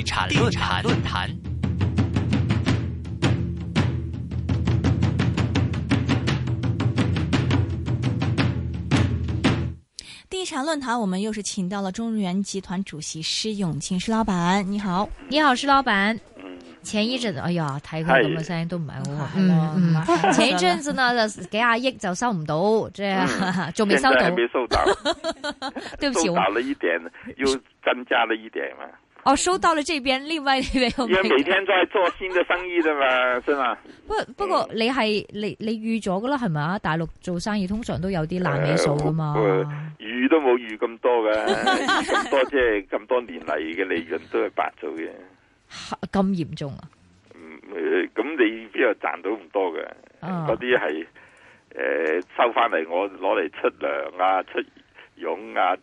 地產論壇，地產論壇，我們又是請到了中原集團主席施永青施老闆，你好，你好，施老闆。前一陣子，哎呀，睇佢咁嘅聲都唔係好，嗯，前一陣子呢，就幾啊億就收唔到，即係仲未收到，沒收到，對不起我哈，收到了一點，又增加了一點嘛。我、哦、收到你這邊另外兩邊因為每天在做新嘅生意的嘛， 是嘛嗎？不不過你係你你預咗噶啦，係咪？大陸做生意通常都有啲爛尾數噶嘛，呃呃。預都冇預咁多咁 多即係咁多年嚟嘅利潤都係白做嘅。咁嚴重啊？咁，嗯呃，你邊度賺到咁多嘅？嗰啲係誒收翻嚟，我攞嚟出糧啊，出佣啊。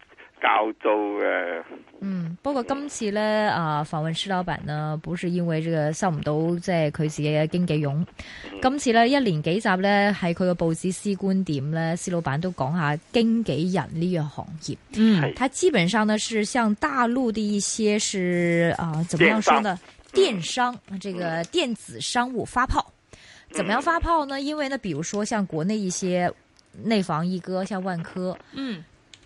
搞做嘅。嗯，不過今次咧、嗯、啊，訪問施老闆呢，不是因為這個收唔到，即係佢自己嘅經紀佣。嗯、今次咧一連幾集咧喺佢嘅報紙 C 觀點咧，施老闆都講下經紀人呢個行業。嗯，他、嗯、基本上呢是像大陸的一些是啊，怎麼樣說呢？電商，嗯、電商，這個電子商務發炮，嗯、怎麼樣發炮呢？因為呢，比如說像國內一些內房一哥，像萬科，嗯。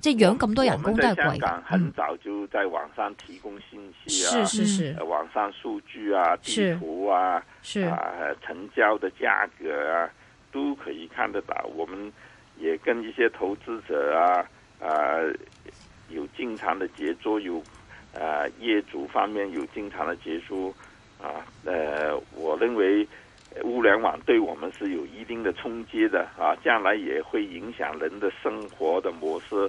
即係養咁多人工都係貴。我們在香港很早就在網上提供信息啊，嗯、網上數據啊，地圖啊，是是啊成交的價格啊，都可以看得到。我們也跟一些投資者啊，啊有經常的接觸，有啊業主方面有經常的接觸。啊，誒、呃，我認為物聯網對我們是有一定的衝擊的。啊，將來也會影響人的生活的模式。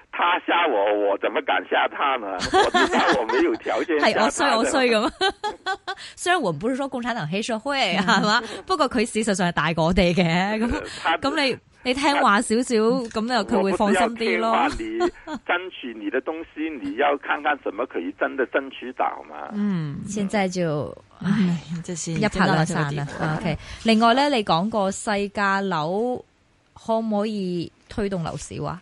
他嚇我，我怎麼敢嚇他呢？我都話我沒有條件嚇他。係我衰，我衰咁。雖然我們不是說共產黨黑社會，係嘛？不過佢事實上係大過我哋嘅咁。咁你你聽話少少咁咧，佢會放心啲咯。聽話點，爭取你的東西，你要看看怎麼可以真的爭取到嘛。嗯，現在就唉，就是一拍兩散啦。OK，另外咧，你講個細價樓可唔可以推動樓市啊？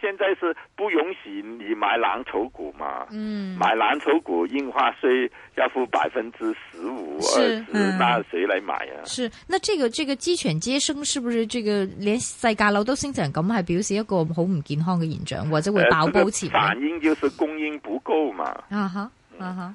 現在是不允許你買藍籌股嘛，嗯、買藍籌股印花稅要付百分之十五、二十、三十、嗯、誰來買啊。是，那這個這個雞犬皆升，是不是這個連世界樓都升成咁，係表示一個好唔健康嘅現象，或者會爆煲錢？呃這個、反應就是供應不夠嘛。嗯、啊哈，啊哈。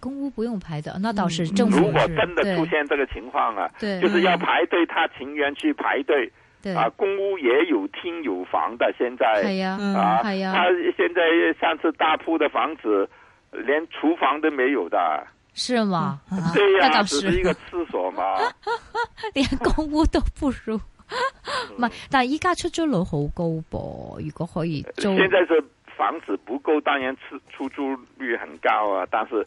公屋不用排的，那倒是正常。如果真的出現這個情況啊，就是要排隊，他情願去排隊。啊，公屋也有廳有房的，現在。係呀，啊，係呀。他現在上次大鋪的房子，連廚房都沒有的。是嘛？這樣只是一個廁所嘛？連公屋都不如。唔係，但係依家出租樓好高噃，如果可以。現在是房子不夠，當然出出租率很高啊，但是。